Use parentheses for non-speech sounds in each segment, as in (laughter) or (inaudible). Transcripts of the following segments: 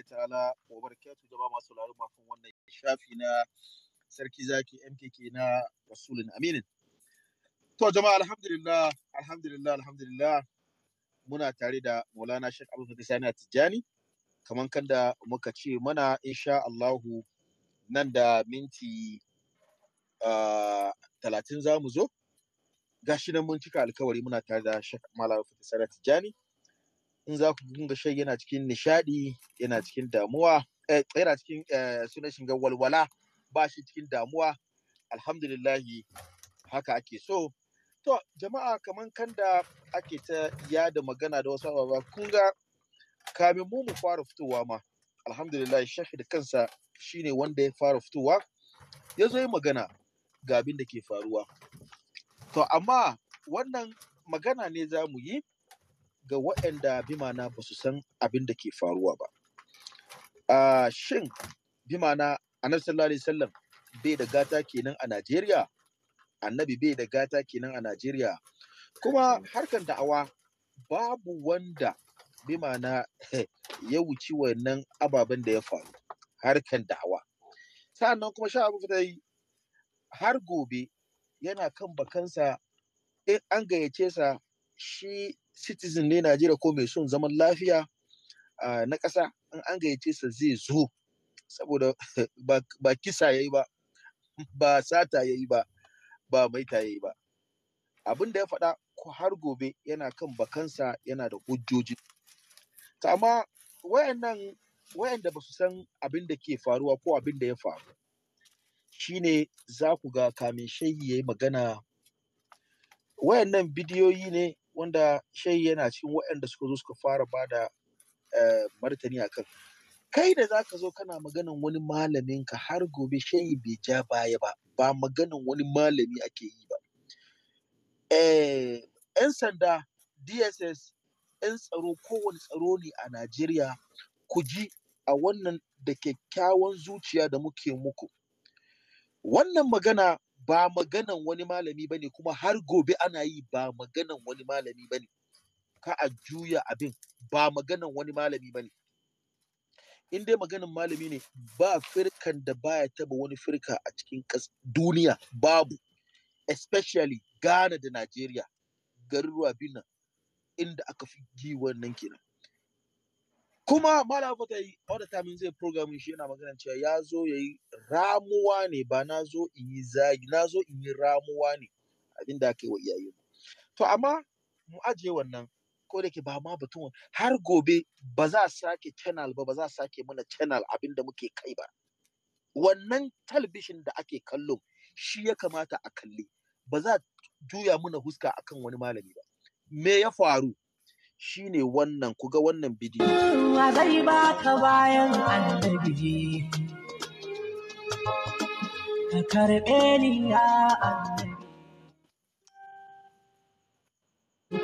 rahmatullahi ta'ala wa barakatuhu jama'a masu laru makon wannan shafi na sarki zaki MKK na Rasulun Aminin. To jama'a alhamdulillah alhamdulillah alhamdulillah muna tare da Maulana Sheikh Abubakar Sani Tijjani kamar kanda muka ce mana insha Allahu nan da minti ah, talatin za mu zo gashi nan mun cika alkawari muna tare da Sheikh Malam Abubakar Sani Tijjani in za ku dinga shan yana cikin nishadi yana cikin damuwa eh, yana cikin eh, sunan shiga walwala ba shi cikin damuwa alhamdulillahi haka ake so to jama'a kaman kanda ake ta yada magana da wasu ababa kun ga kamin mu mu fara fitowa ma alhamdulillah shafi da kansa shine wanda ya fara fitowa ya zo yi magana ga abin da ke faruwa to amma wannan magana ne za mu yi ga waɗanda bimana ma'ana ba su san abin da ke faruwa ba a shin bi ma'ana annabi sallallahu alaihi wasallam bai da gata kenan a Najeriya annabi bai da gata kenan a Najeriya kuma harkar da'awa babu wanda bimana ma'ana ya wuci wannan ababen da ya faru harkar da'awa sa'annan kuma sha abu fitai har gobe yana kan bakansa in an gayyace sa shi citizen ne Najeriya ko mai son zaman lafiya na ƙasa in an gayyace sa zai zo saboda (laughs) ba kisa yayi ba ba sata yayi ba ba maita yayi ba abin da ya faɗa ko har gobe yana kan bakansa yana da hujjoji ta amma wayannan wayanda ba su san abin da ke faruwa ko abin da ya faru shine za ku ga kamin shayi ya yi magana wayannan bidiyoyi ne wanda shai yana cikin waɗanda suka zo suka fara ba da eh, martani a kan kai da za ka zo kana maganan wani malamin ka har gobe shai bai ja baya ba ba maganan wani malami ake yi ba yan eh, sanda dss yan tsaro kowane tsaro ne a najeriya ku ji a wannan da kyakkyawan zuciya da muke muku wannan magana ba maganan wani malami bane kuma har gobe ana yi ba maganan wani malami bane ka a juya abin ba maganan wani malami bane in dai maganan malami ne ba firkan da baya taba wani firka a cikin duniya babu especially Ghana da Najeriya garuruwa nan inda aka fi ji wannan kenan kuma malam fatai all the time zai programin shi yana magana cewa ya zo ya yi ramuwa ne ba na zo in yi zagi na zo in yi ramuwa ne abin da aka yi wa iyaye to amma mu ajiye wannan ko da ke ba ma batun har gobe ba za a sake channel ba ba za a sake mana channel abin da muke kai ba wannan talabishin da ake kallo shi ya kamata a kalli ba za juya mana huska akan wani malami ba me ya faru shine wannan kuga wannan bidiyo wa zai baka bayan annabi ka karɓe ni ya annabi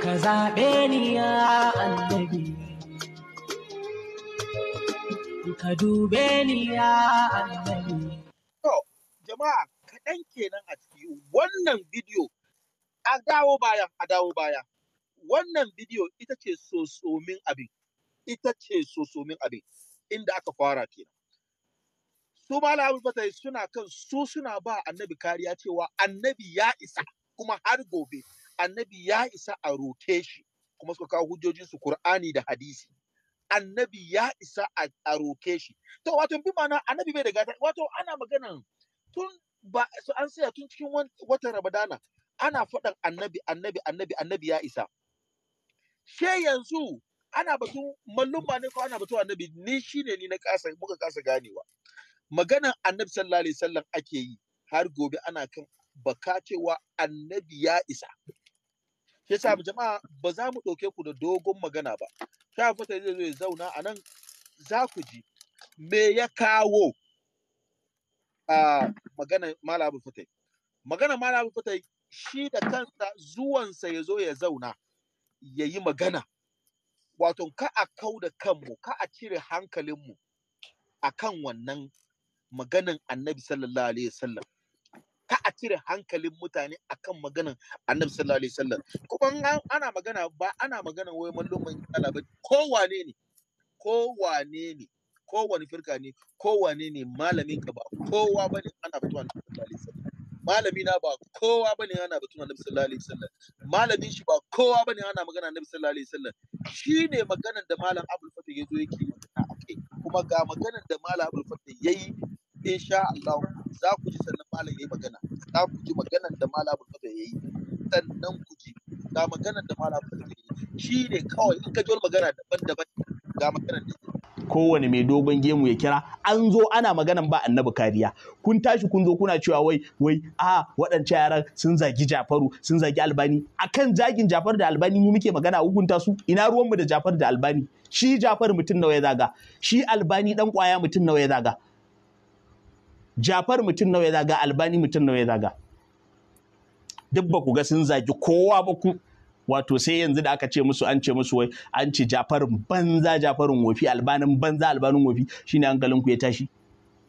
ka zaɓe ni ya annabi ka dube ni ya annabi to jama'a kaɗan kenan a ciki wannan bidiyo a dawo baya a dawo baya wannan bidiyo ita ce sosomin abin ita ce sosomin abin inda aka fara kenan su malam fatai suna kan su suna ba annabi kariya cewa annabi ya isa kuma har gobe annabi ya isa a roke shi kuma suka kawo hujjojin su qur'ani da hadisi annabi ya isa a roke shi to wato bi ma'ana annabi bai da gata wato ana maganan tun ba an saya tun cikin watan ramadana ana faɗan annabi annabi annabi annabi ya isa she yanzu ana batun Mallum'a ne ko ana batun annabi ni shine ni na kasa muka kasa ganewa maganan annabi sallallahu alaihi wasallam ake yi har gobe ana kan baka cewa annabi ya isa yasa jama'a ba za mu ɗauke ku da dogon magana ba ta fata zai zo ya zauna a nan za ku ji me ya kawo a magana malabu fatai magana malabu fatai shi da kansa zuwansa ya zo ya zauna ya yi magana wato ka a kau da kanmu ka a cire hankalinmu a kan wannan maganan annabi sallallahu alaihi wasallam ka a cire hankalin mutane a kan maganan annabi sallallahu alaihi wasallam kuma ana magana ba ana magana wai mallumin Allah ba kowane ne kowane ne kowane firka ne kowane ne malamin ka ba kowa bane ana fitowa annabi sallallahu alaihi wasallam malami na ba kowa bane ana batun annabi sallallahu alaihi wasallam malamin shi ba kowa bane ana magana annabi sallallahu alaihi wasallam shine maganar da malam abul fatah yazo yake a kai kuma ga maganar da malam abul fatah yayi insha Allah za ku ji sannan malam yayi magana za ku ji maganar da malam abul fatah yayi sannan ku ji ga maganar da malam abul fatah yayi shine kawai in ka ji magana daban-daban ga maganar da kowane mai dogon gemu ya kira an zo ana maganan ba annabi kariya kun tashi kun zo kuna cewa wai wai a waɗancan yaran sun zagi Jafaru sun zagi Albani akan zagin Jafar da Albani mu muke magana hukunta su ina ruwanmu da Jafar da Albani shi Jafar mutum nawa ya zaga shi Albani dan kwaya mutum nawa ya zaga Jafar mutum nawa ya zaga Albani mutum nawa ya zaga duk ba ku ga sun zagi kowa ba ku wato sai yanzu da aka ce musu an ce musu wai an ce jafarin banza jafarin wofi albanin banza albanin wofi shine hankalin ku ya tashi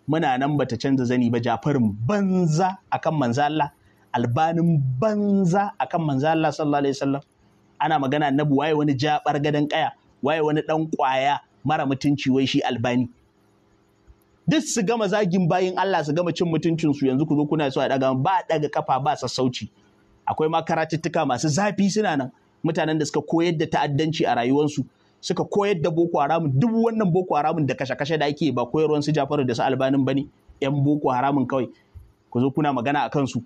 muna nan bata canza zani ba jafarin banza akan manzo Allah albanin banza akan manzo Allah sallallahu alaihi wasallam ana magana annabi waye wani jabar gadan kaya waye wani dan kwaya mara mutunci wai shi albani duk su gama zagin bayin Allah su gama cin mutuncinsu yanzu ku zo kuna so a daga ba daga kafa ba sassauci akwai ma karatuttuka masu zafi suna nan mutanen da suka koyar da ta'addanci a rayuwarsu suka koyar da boko haramun duk wannan boko haramun da kashe-kashe da ake ba koyarwar su jafaru da su albanin bane yan boko haramun kawai ku zo kuna magana a kansu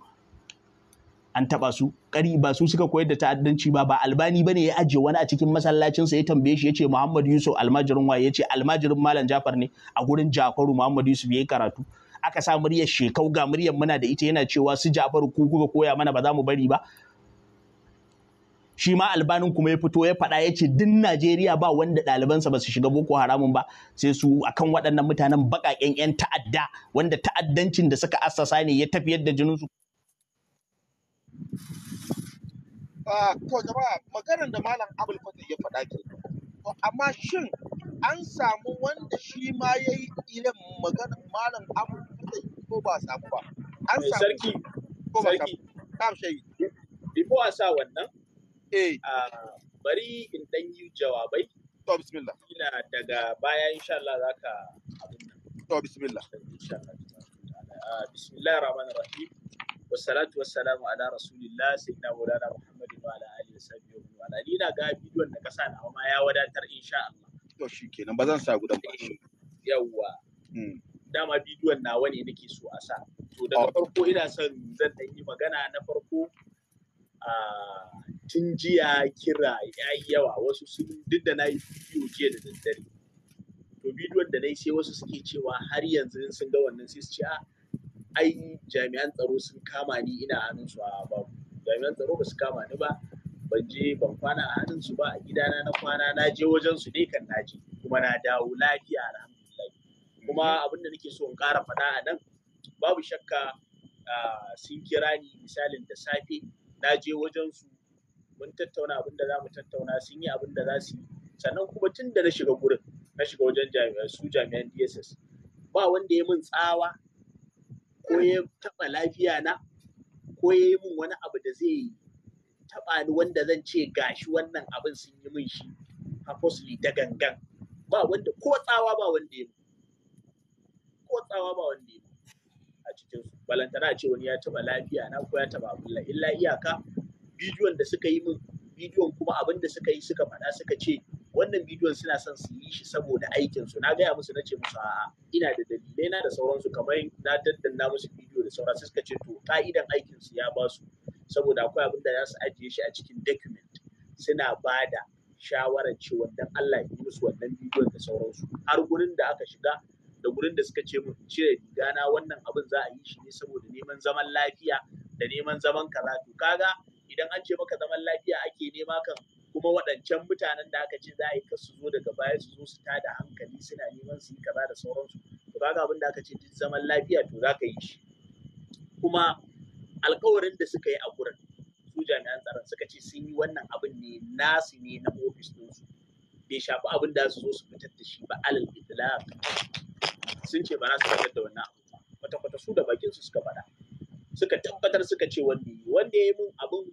an taba su kari ba su suka koyar da ta'addanci ba ba albani bane ya ajiye wani a cikin masallacin sa ya tambaye shi yace Muhammad Yusuf almajirin waye yace almajirin malam Jafar ne a gurin Jafaru Muhammad Yusuf yayi karatu aka sa muryar shekau ga muryar muna da ita yana cewa su jafaru ku kuka koya mana ba za mu bari ba shi ma albanin kuma ya fito ya faɗa ya ce duk Najeriya ba wanda ɗalibansa ba su shiga boko haramun ba sai su akan waɗannan mutanen baƙaƙen 'yan ta'adda wanda ta'addancin da suka assasa ne ya tafiyar da jininsu. Ko ah, jama'a maganar da Malam Abul ya faɗa ke. Amma shin an samu wanda shi ma ya yi irin magana malam abu da ko ba samu ba an samu sarki ko ba sarki kam shayi before a sa wannan eh ah, bari in dan yi jawabai to bismillah ina daga baya insha Allah za ka abu to bismillah insha Allah ah, bismillahir rahmanir rahim wassalatu wassalamu ala rasulillah sayyidina maulana muhammadin wa ala alihi wa sahbihi wa ala ina ga bidiyon da ka na ma ya wadatar insha Allah to shi kenan ba zan sa gudan ba yawwa hmm. dama bidiyon nawa ne nake so a sa to daga oh. farko ina son zan yi magana na farko a tun jiya kira ya yi yawa wasu sun duk da na yi bidiyo jiya da daddare to bidiyon da na yi sai wasu suke cewa har yanzu sun ga wannan sai su ce ah, ai jami'an tsaro sun kama ni ina hannun su a babu jami'an tsaro ba su kama ni ba ban je ban kwana a hannun su ba a gidana na kwana na je wajen su ne kan kuma na dawo lafiya alhamdulillah kuma abin da nake so in ƙara faɗa a nan babu shakka sun kira ni misalin da safe na je wajen su mun tattauna abin da za mu tattauna sun yi abin da za su yi sannan kuma tun da na shiga gurin na shiga wajen su jami'an dss ba wanda ya min tsawa ko ya taɓa lafiya na ko ya yi min wani abu da zai taɓa ni wanda zan ce gashi wannan abin sun yi min shi purposely da gangan ba wanda ko tsawa ba wanda ya ko tsawa ba wanda ya a cikin su balantana ce wani ya taɓa lafiya na ko ya taɓa abulla illa iyaka bidiyon da suka yi min bidiyon kuma abin da suka yi suka faɗa suka ce wannan bidiyon suna son su yi shi saboda aikin su na gaya musu na ce musu a'a ina da dalilai na da sauransu kamar na daddanna musu bidiyo da sauran suka ce to ka'idan aikin su ya ba su saboda akwai abin da za su ajiye shi a cikin document suna ba da shawarar cewa dan Allah ya yi musu wannan bidiyon da sauransu har gurin da aka shiga da gurin da suka ce mun cire rigana wannan abin za a yi shi ne saboda neman zaman lafiya da neman zaman kaza to kaga idan an ce maka zaman lafiya ake nema kan kuma waɗancan mutanen da aka ce za a yi su zo daga baya su zo su tada hankali suna neman su yi kaza da sauransu to kaga abin da aka ce duk zaman lafiya to za ka yi shi kuma alkawarin da suka yi a gurin su jami'an tsaron suka ce sun yi wannan abin ne nasu ne na ofis ɗinsu bai shafi abin da su zo su fitar da shi ba alal itlaq sun ce ba za su fitar da wannan abu kwata kwata su da bakin su suka faɗa suka tabbatar suka ce wanda yi wanda ya yi min abin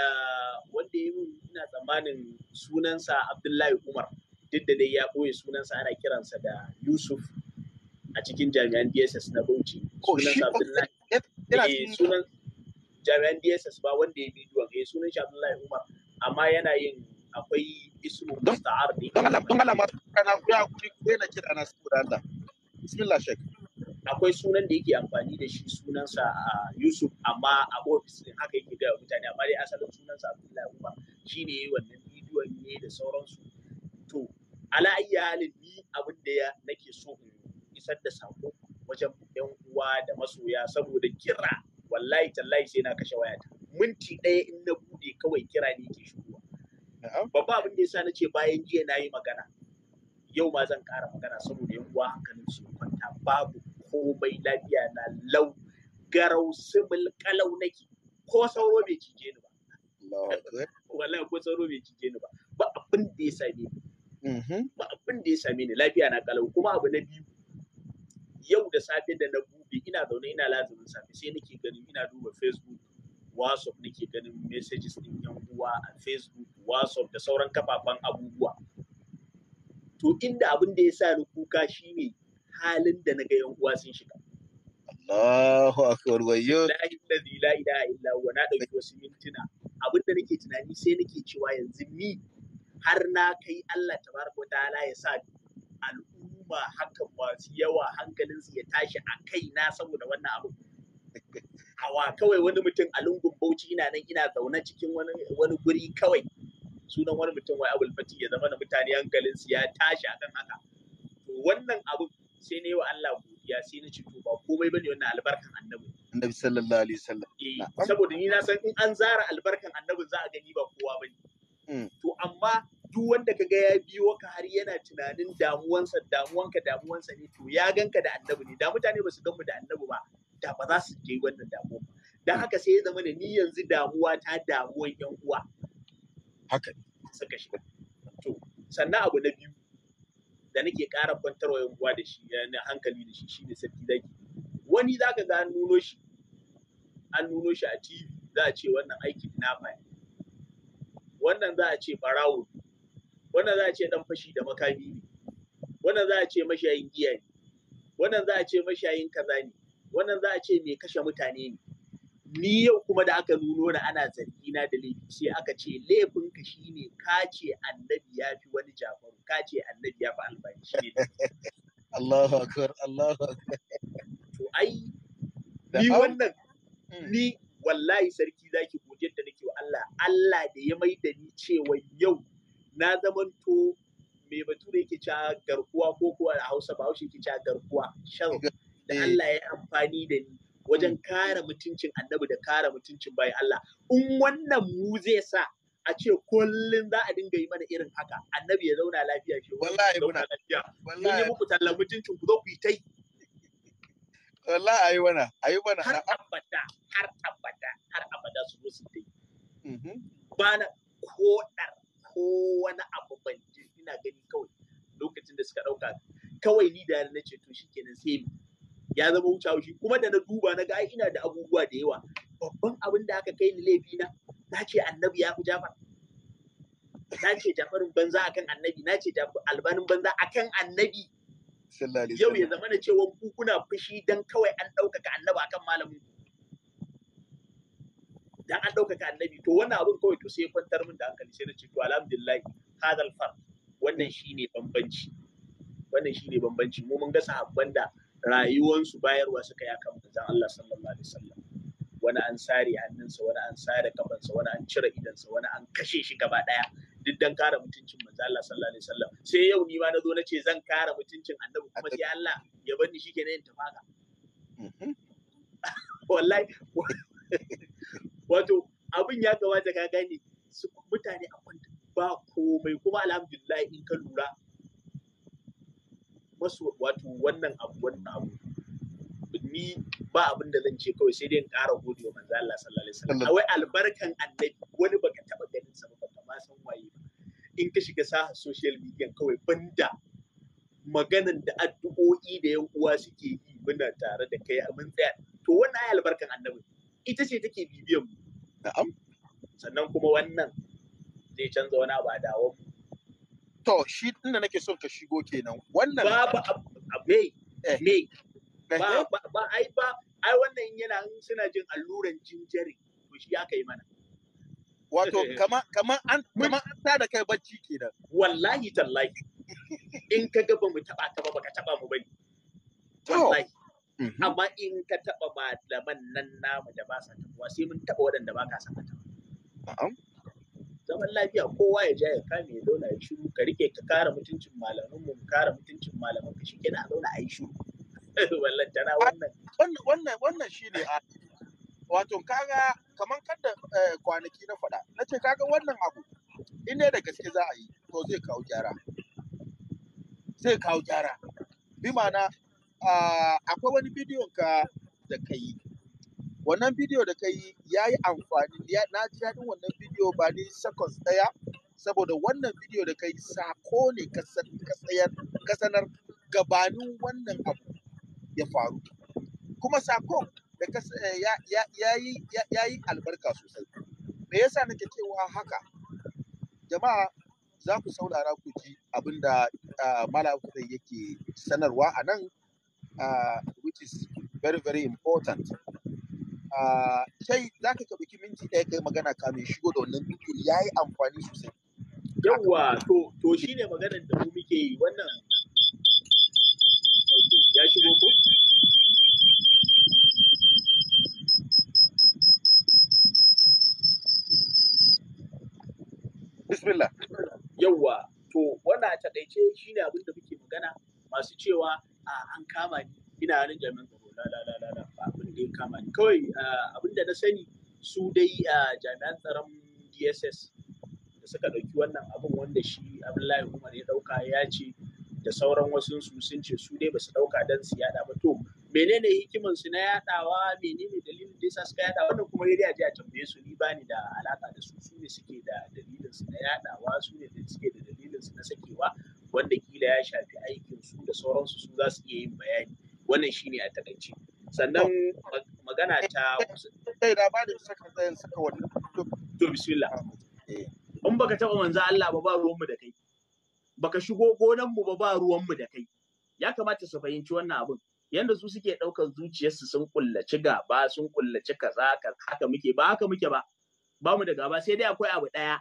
ah, wanda ya yi mun ina tsammanin sunansa Abdullahi Umar duk da dai ya ɓoye sunansa ana kiransa da Yusuf a cikin jami'an DSS na Bauchi sunansa Abdullahi Eh, sunan jami'an DSS ba wanda ya bidiyon eh sunan shi Abdullahi Umar amma yana yin akwai ismu musta'ar ne don Allah don Allah ma kana ku ya kuri ku na kira na saboda Allah bismillah shek akwai sunan da yake amfani da shi sunansa Yusuf amma a office ne haka yake ga mutane amma dai asalin sunansa Abdullahi Umar shine yayi wannan bidiyon ne da sauransu to ala ayyi halin ni abin da nake so in isar da sako wajen yan uwa da masoya saboda kira wallahi tallahi sai na kashe wayata minti ɗaya in na bude kawai kira ne ke shigowa babba abin da yasa nace bayan jiya na yi magana yau ma zan ƙara magana saboda yan uwa hankalin su kwanta babu komai lafiya na lau garau simul kalau nake ko sauro bai cije ni ba wallahi ko sauro bai cije ni ba ba abin da ya same ni mm-hmm. ba abin da ya same ni lafiya na kalau kuma abu na biyu yau da safe da na bude ina zaune ina lazumin safe sai nake ganin ina duba facebook whatsapp nake ganin messages din yan uwa a facebook whatsapp da sauran kafafen abubuwa to inda abin da ya sa ni kuka shine halin da naga yan uwa sun shiga Allahu akbar wayyo la ilaha illa huwa na dauki wasu mintuna abin da nake tunani sai nake cewa yanzu ni har na kai Allah tabaraka ta'ala ya sa al'umma hakan masu yawa hankalinsu ya tashi a kaina saboda wannan abu (laughs) hawa kawai wani mutum a lungun bauchi ina nan ina zaune cikin wani wani guri kawai sunan wani mutum wai abul fati ya zama na mutane hankalinsu ya tashi a kan haka to wannan abu sai ne wa Allah godiya sai na ci to ba komai bane wannan albarkan annabi annabi sallallahu alaihi wasallam eh, saboda ni na san in an zara albarkan annabi za a gani ba kowa bane mm. to amma duk wanda ka ga ya biyo ka har yana tunanin damuwansa damuwanka damuwansa ne to ya ganka da annabi ne da mutane ba su gan mu da annabi ba da ba za su je wannan damuwa dan haka sai ya zama da ni yanzu damuwa ta damuwan yan uwa haka suka shi. to sannan abu na biyu da nake ƙara kwantarwa yan uwa da shi eh, na hankali da shi shine sarki zaki wani zaka ga an nuno shi an nuno shi a TV za a ce wannan aikin na fa wannan za a ce barawo wannan za a ce dan fashi da makami ne wannan za a ce mashayin giya ne wannan za a ce mashayin kaza ne wannan za a ce mai kashe mutane ne ni yau kuma da aka nuno na ana zargi na da laifi sai aka ce laifin ka shine ka ce annabi ya fi wani jafar ka ce annabi ya fi albani shi ne (laughs) Allahu akbar Allahu akbar to ai ni wannan hmm. ni wallahi sarki zaki godiyar da nake wa Allah Allah da ya mai da ni cewa yau na zamanto mai bature yake cewa garkuwa ko kuwa a hausa ba haushe yake cewa garkuwa shan da eh. Allah ya amfani da ni wajen mm. kare mutuncin annabi da kare mutuncin bayan Allah in wannan mu zai sa a ce kullum za a dinga yi mana irin haka annabi ya zauna lafiya shi wallahi muna lafiya mun yi muku tallan mutuncin ku zo ku yi tai wallahi ayi wana ayi wana har abada har abada har abada su musu su mm-hmm. ba na ko ko wani abu ban ji ina gani kawai lokacin da suka ɗauka kawai ni da na ce to shikenan sai ya zama wuce wuce kuma da na duba na ga ina da abubuwa da yawa babban abin da aka kai ni laifi na na ce annabi ya fi jafar na ce jafarin banza akan annabi na ce albanin banza akan annabi yau ya zama na cewa ku kuna fushi dan kawai an ɗaukaka annabi akan malamin dan an ɗaukaka annabi to wannan abun kawai to sai ya kwantar min da hankali sai na ce to alhamdulillah hadal far wannan shine bambanci wannan shine bambanci mu mun ga sahabban da rayuwansu bayarwa suka yi kan manzon Allah sallallahu alaihi wasallam wani an sare hannunsa wani an sare kafansa wani an cire idansa wani an kashe shi gaba daya duk dan kare mutuncin manzo Allah sallallahu alaihi wasallam sai yau ni ma na zo na ce zan kare mutuncin annabi kuma sai Allah ya bani shi kenan yin tafaka mhm. (laughs) wallahi wato abin ya kamata ka gane mutane a kwanta ba komai kuma alhamdulillah in ka lura masu wato wannan abu wannan abu ni ba abin da zan ce kawai sai dai in ƙara gode wa manzo Allah sallallahu alaihi wasallam wai albarkan annabi wani baka taba ganin sa ba ka ma san waye in ka shiga saha social media kawai banda maganan da addu'o'i da yan uwa suke yi muna tare da kai a mun tsaya to wannan ai albarkan annabi ita ce take bibiyan mu na'am sannan kuma wannan zai canza wani ba a dawon to shi inda nake son ka shigo kenan wannan ba ba me eh. me eh. ba ba ai ba ai wannan yana suna jin alluran jinjari to shi ya yi mana Wato, (laughs) kama, kama an kama an tada kai bacci kenan. Wallahi tallahi. In ka ga ba mu taba ta ba baka taba mu bane. Wallahi. Mm-hmm. amma in ka taɓa malaman nan namu da ba sa tabuwa sai mun taɓa waɗanda ba ka sanata zaman lafiya kowa ya ja ya kame ya zauna ya shiru ka rike ka kara mutuncin malamin mu kara mutuncin malaman ka shike na zauna a yi shiru wallan (laughs) tana wannan wannan wannan shine a wato kaga kaman kadda eh, kwanaki na faɗa ce kaga wannan abu in da gaske za a yi to zai kawo gyara zai kawo gyara bi ma'ana Ah, akwai wani bidiyon ka da ka yi wannan bidiyo da ka yi ya yi amfani na ji daɗin wannan bidiyo ba ni seconds ɗaya saboda wannan bidiyo da ka yi sako ne ka sanar gabanin wannan abu ya faru kuma sakon da eh, ya yi albarka sosai me yasa nake cewa haka jama'a za ku saurara ku ji abin da ah, malam yake sanarwa a nan uh, which is very very important shai uh, za ka minti ɗaya kai magana kamin shigo da wannan bidiyo ya yi amfani sosai yawwa to to ne maganar da mu muke yi wannan ya shigo ko bismillah yawwa to wannan a takaice shine abin da muke magana masu cewa an kama ni ina hannun jami'an tsaro la la ba abin da ya kama ni kawai abin da na sani su dai a jami'an tsaron DSS da suka ɗauki wannan abin wanda shi Abdullahi Umar ya ɗauka ya ce da sauran wasu su sun ce su dai ba su ɗauka don su yaɗa ba to menene hikiman su na yaɗawa menene dalilin da yasa suka yaɗa wannan kuma ya a a tambaye su ni bani da alaka da su su ne suke da dalilin su na yaɗawa su ne suke da dalilin su na sakewa wanda kila ya shafi aikin su da sauransu su za su iya yin bayani wannan shine a takaice sannan magana ta da ba da saka tsayin saka wannan to bismillah eh. in baka taba manzo Allah ba ba ruwanmu da kai baka shigo gonan mu ba ba ruwan mu da kai ya kamata su fahimci wannan abin yanda su suke ɗaukar zuciyarsu sun kullaci gaba sun kullaci kaza haka muke ba haka muke ba ba mu da gaba sai dai akwai abu ɗaya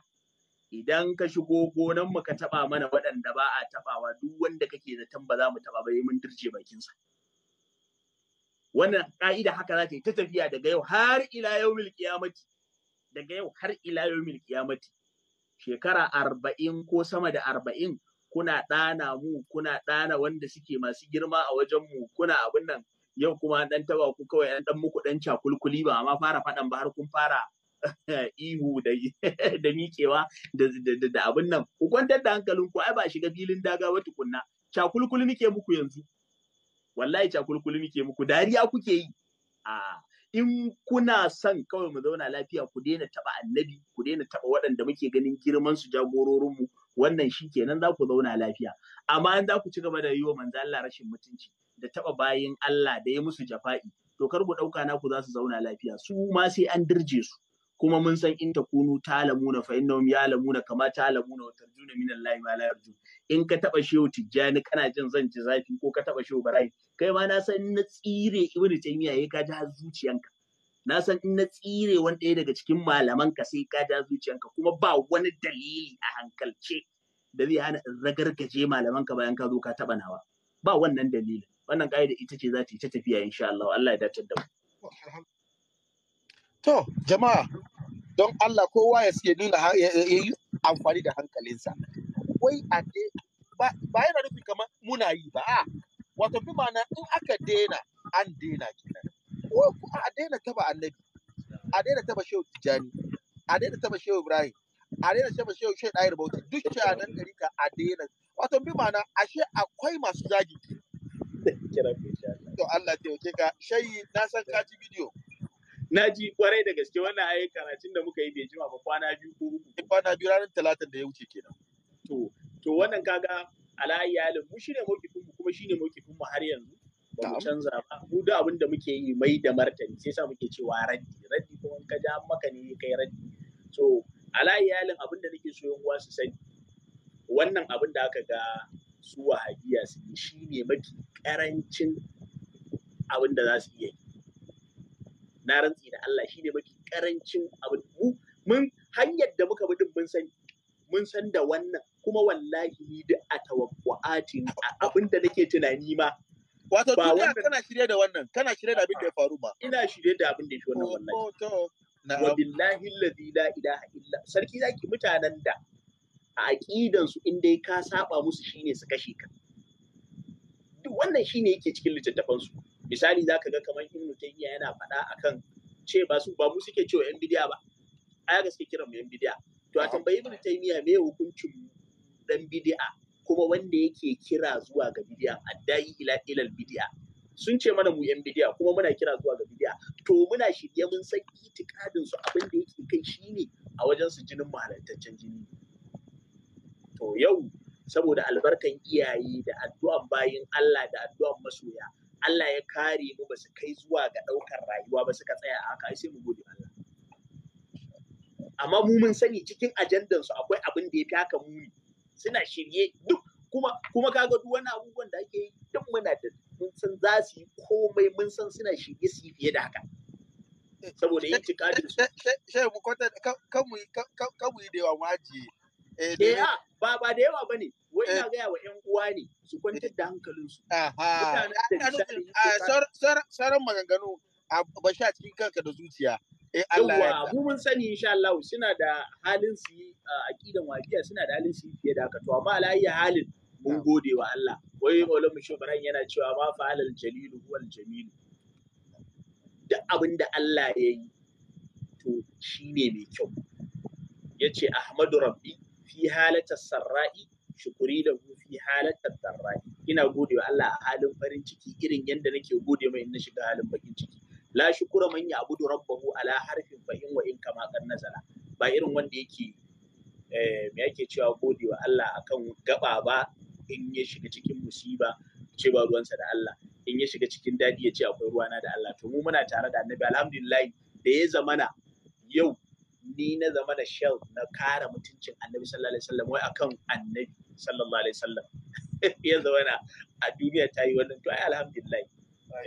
idan ka shigo gonan mu ka taba mana waɗanda ba a tabawa duk wanda kake zaton ba za mu taba ba mun dirje bakinsa. wannan ka'ida haka za ta yi ta tafiya daga yau har ila yaumil kiyamati. daga yau har ila yaumil kiyamati. shekara arba'in ko sama da arba'in kuna ɗana mu kuna ɗana wanda suke masu girma a wajen mu kuna abin nan yau kuma dan taba ku kawai an dan muku dan cakulkuli ba amma fara faɗan ba har kun fara (laughs) ihu (laughs) da miƙewa da abin nan ku kwantar da hankalin ku ai ba shiga filin daga ba tukunna cakulkul muke muku yanzu wallahi cakulkul muke muku dariya kuke yi a in kuna son kawai mu zauna lafiya ku daina taba annabi ku daina taba waɗanda muke ganin girman su jagororinmu wannan shi kenan za ku zauna lafiya amma an za ku ci gaba da yi wa manzo Allah rashin mutunci da taba bayin Allah da ya musu jafa'i to kar ku ɗauka naku za su zauna lafiya su ma sai an dirje su kuma mun san in takunu lamuna, fa innahum lamuna, kama lamuna wa tarjuna min Allah ma la yarju in ka taba shehu tijjani kana jin zan ji zafi ko ka taba shehu barai kai ma na san na tsire ibnu taymiya yayi ka ji har zuciyanka na san in na tsire wani ɗaya daga cikin malaman ka sai ka ji zuciyanka kuma ba wani dalili a hankalce da zai hana in ragargaje malaman ka bayan ka zo ka taba nawa ba wannan dalilin wannan da ita ce za ta yi ta tafiya insha Allah Allah ya dace da mu To, jama'a, don Allah kowa ya suke nuna amfani da hankalinsa. Wai a de, ba yana nufin kamar muna yi ba, wato fi mana in aka dena an dena kenan. Ko a dena taba annabi, a dena taba shehu Tijjani, a dena taba shehu Ibrahim, a dena taba shehu Shehu Ɗayar Bauchi, duk cewa nan gari ka a dena. Wato bi mana ashe akwai masu zagi. To Allah taimake ka, shayi na san ka ci bidiyo. na ji kwarai da gaske wannan ayi karatun da muka yi bai jima ba kwana biyu ko uku kwana biyu ranar talatin da ya wuce kenan to to wannan kaga ala iyalin mu shine mokifin mu kuma shine mokifin mu har yanzu ba mu canza ba mu da abin da muke yi mai da martani sai sa muke cewa raddi raddi kuma ka ja maka ne kai raddi so alayyalin abin da nake so yan uwa su sani wannan abin da aka ga su wahabiya su yi shine mafi karancin abin da za su iya na rantsi da Allah shine mafi karancin abin mu mun hanyar da muka bi din mun sani mun san da wannan kuma wallahi ni da a tawakkuati a abin da nake tunani ma wato duniya kana shirye da wannan kana shirye da abin da ya faru ba ina shirye da abin da ya shi wannan oh, wallahi to wa billahi alladhi la ilaha illa sarki zaki mutanen da a aqidan su in dai ka saba musu shine su kashe ka duk wannan shine yake cikin littattafan su misali za ka ga kamar ibnu tayyiya yana faɗa akan ce ba su ba mu suke cewa yan bidiya ba ai gaske kiran mu yan bidiya to a tambayi ibnu tayyiya me hukuncin dan bidiya kuma wanda yake kira zuwa ga bidiya addai ila ilal bidiya sun ce mana mu yan bidiya kuma muna kira zuwa ga bidiya to muna shirye mun san itikadin su abin da yake kai shine a wajen su jinin mahalantaccen jini to yau saboda albarkan iyaye da addu'an bayin Allah da addu'an masoya Allah ya kare mu ba su kai zuwa ga ɗaukar rayuwa ba suka tsaya a haka sai mu gode Allah amma mu mun sani cikin ajandan su akwai abin da ya fi haka muni suna shirye duk kuma kuma kaga duk wani abubuwan da ake yi duk muna da mun san za su yi komai mun san suna shirye su yi fiye da haka saboda yin tikadin su shi mu kwata kan mu yi da yawa ma ji eh ba ba da yawa bane wai eh. na gaya wa 'yan uwa ne su kwantar da hankalinsu. Sauran ah, maganganu ba sha cikin kanka da zuciya. Yawwa mu mun sani insha Allah suna da halin su yi aqidan wajiya suna da halin su yi fiye da haka to amma alayya halin mun gode wa Allah wai Maulana Musho yana cewa ma fa'alal jalilu huwal jamilu duk abin da Allah ya yi to shine mai kyau yace Ahmadu Rabbi fi halatar sarra'i shukuri da fi halattar darrai ina gode wa Allah a halin farin ciki irin yadda nake gode mai na shiga halin bakin ciki la shukura man ya'budu rabbahu ala harfin fa in wa in kama kan nazala ba irin wanda yake eh me yake cewa gode wa Allah akan gaba ba in ya shiga cikin musiba ce ba ruwansa da Allah in ya shiga cikin dadi ya ce akwai ruwana da Allah to mu muna tare da annabi alhamdulillah da ya zamana yau ni na zama da shell na kare mutuncin annabi sallallahu alaihi wasallam wai akan annabi sallallahu alaihi wasallam (laughs) ya zauna a duniya ta yi wannan to ai alhamdulillah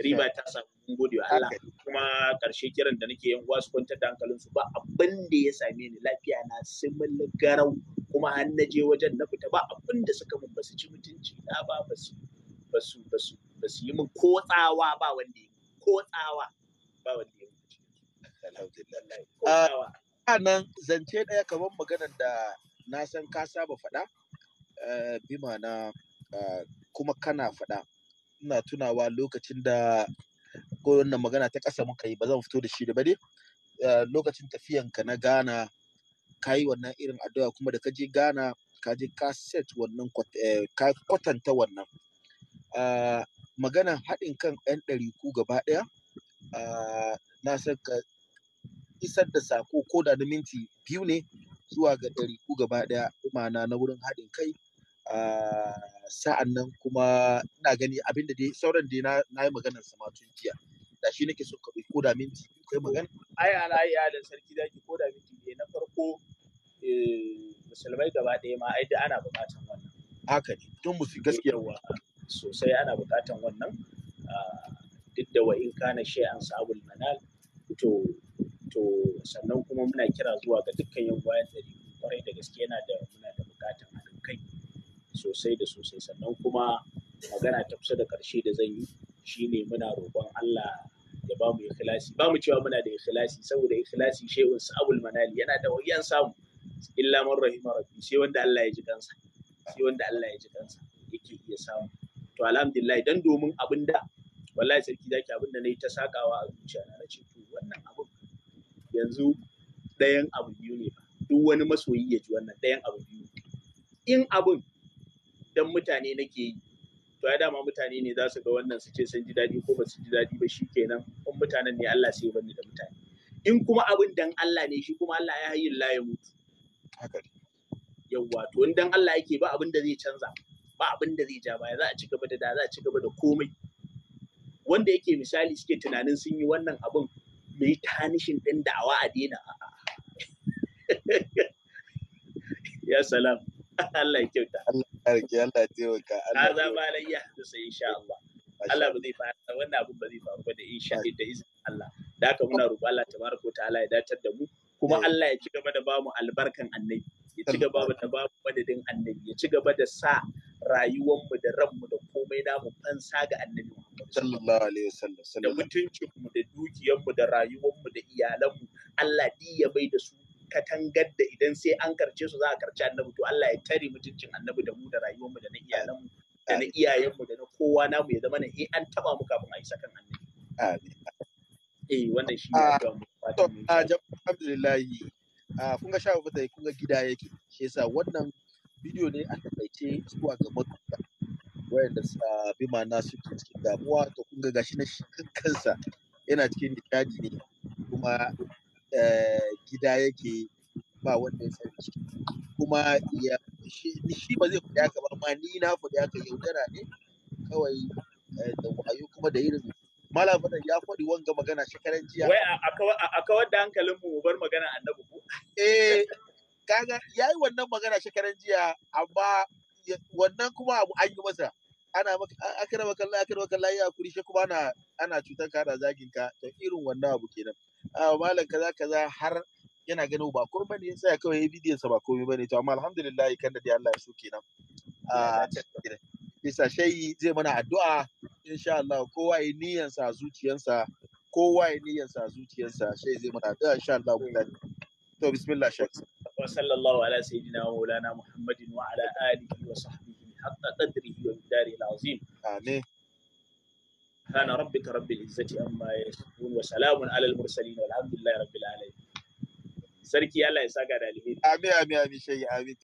riba ta samu gode wa Allah kuma karshe kiran da nake yan uwa kwantar da hankalin su ba abin da ya same ni lafiya na simul garau kuma an naje wajen na fita ba abin da suka mun basu ci mutunci da ba basu basu basu basu yi min ko tsawa ba wanda ya ko tsawa ba wanda ya alhamdulillah nan zance daya kaban maganar da na san ka saba faɗa Eh, bi ma'ana eh, kuma kana faɗa ina tunawa lokacin da ko wannan magana ta ƙasa muka yi ba zan fito da shi da ba dai eh, lokacin tafiyanka na Ghana ka yi wannan irin addu'a kuma da ka je Ghana ka je ka set wannan ka kwatanta wannan maganan haɗin kan ɗari ku gaba ɗaya na san ka isar da sako ko da na minti biyu ne zuwa ga ɗari ku gaba ɗaya ma'ana na wurin haɗin kai Ah, sa'an nan kuma ina gani abin da dai sauran dai na yi maganar sama tun jiya da shi nake so ka bi koda minti kai magana ai ala ya da sarki zaki koda minti ne na farko eh, musulmai gaba ɗaya ma ai da ana buƙatan wannan haka ne tun musu gaskiya sosai ana buƙatan wannan ah, duk da wa in kana shay'an sabul manal to to sannan kuma muna kira zuwa ga dukkan yan bayan ɗari kwarai da gaske yana da muna da buƙatan sosai da sosai sannan kuma magana ta kusa da ƙarshe da zan yi shine muna roƙon Allah ya ba mu ikhlasi ba mu cewa muna da ikhlasi saboda ikhlasi shehun sa'abul manali yana da wayan samu illa man rahima rabbi sai wanda Allah ya ji kansa sai wanda Allah ya ji kansa yake iya samu to alhamdulillah dan domin abin da wallahi sarki zaki abin da nayi ta sakawa a zuciya na ce to wannan abin yanzu ɗayan abu biyu ne ba duk wani masoyi ya ji wannan ɗayan abu biyu in abin don mutane nake yi to ya dama mutane ne za su ga wannan su ce sun ji daɗi ko ba su ji daɗi ba shi kenan in mutanen ne Allah sai bani da mutane in kuma abin dan Allah ne shi kuma Allah ya hayyin la ya mutu yawwa to in dan Allah yake ba abin da zai canza ba abin da zai ja baya za a ci gaba da da za a ci gaba da komai wanda yake misali suke tunanin sun yi wannan abin mai tanishin din da'awa a daina (laughs) ya salam (laughs) Allah ya kyauta Allah ya Allah taimaka Allah ya Allah ya hadu insha Allah Allah ba zai wannan abun ba zai faru ba da insha Allah da izinin Allah da haka muna roƙo Allah tabaraka ta'ala ya datar da mu kuma Allah ya ci gaba da bamu albarkan annabi ya ci gaba da bamu madadin annabi ya ci gaba da sa rayuwanmu da ranmu da komai namu fansa ga annabi sallallahu alaihi wasallam da mutuncinmu da dukiyanmu da rayuwanmu da iyalanmu Allah ya bai da su katangar da idan sai an karce su za a karci annabi to Allah ya tare mutuncin annabi da mu da rayuwarmu da na iyalanmu da na iyayenmu da na kowa namu ya zama na eh an taba mu kafin a isa kan annabi eh wannan shi ne ga ah, mu to ah, a alhamdulillah ah, kun ga sha bakwai kun ga gida yake shi yasa wannan bidiyo ne a takaice zuwa ga matuƙa wayanda bi ma'ana suke cikin damuwa to kun ga gashi na shi kansa yana cikin nishadi ne kuma eh, gida yake ba wanda ya sani shi kuma ya shi ba zai faɗi haka ba amma ni na faɗi haka yaudara ne kawai eh, da wayo kuma da irin malam fadan ya faɗi wanga magana shekaran jiya wai a kawar da hankalin mu bar magana annabi ko eh (laughs) kaga yayi wannan magana shekaran jiya amma wannan kuma abu an yi masa ana maka akira maka Allah akira maka Allah ya kuri shi kuma ana ana cutar ka da zagin ka to irin wannan abu kenan ah, malam kaza kaza har yana ganin ba komai bane ya tsaya kawai bidiyon sa ba komai bane to amma alhamdulillah kan da dai Allah ya so kenan a ah, bisa shayi zai mana addu'a insha Allah kowa ya niyan sa zuciyansa kowa ya niyan sa zuciyansa shayi zai mana addu'a insha Allah mutane to bismillah shek wa sallallahu ala sayyidina wa maulana muhammadin wa ala alihi wa sahbihi hatta qadrihi wa bidari al-azim amin سبحان ربك رب العزة عما يصفون وسلام على المرسلين والحمد لله رب العالمين sarki Allah ya saka da alheri amin amin amin shayi amin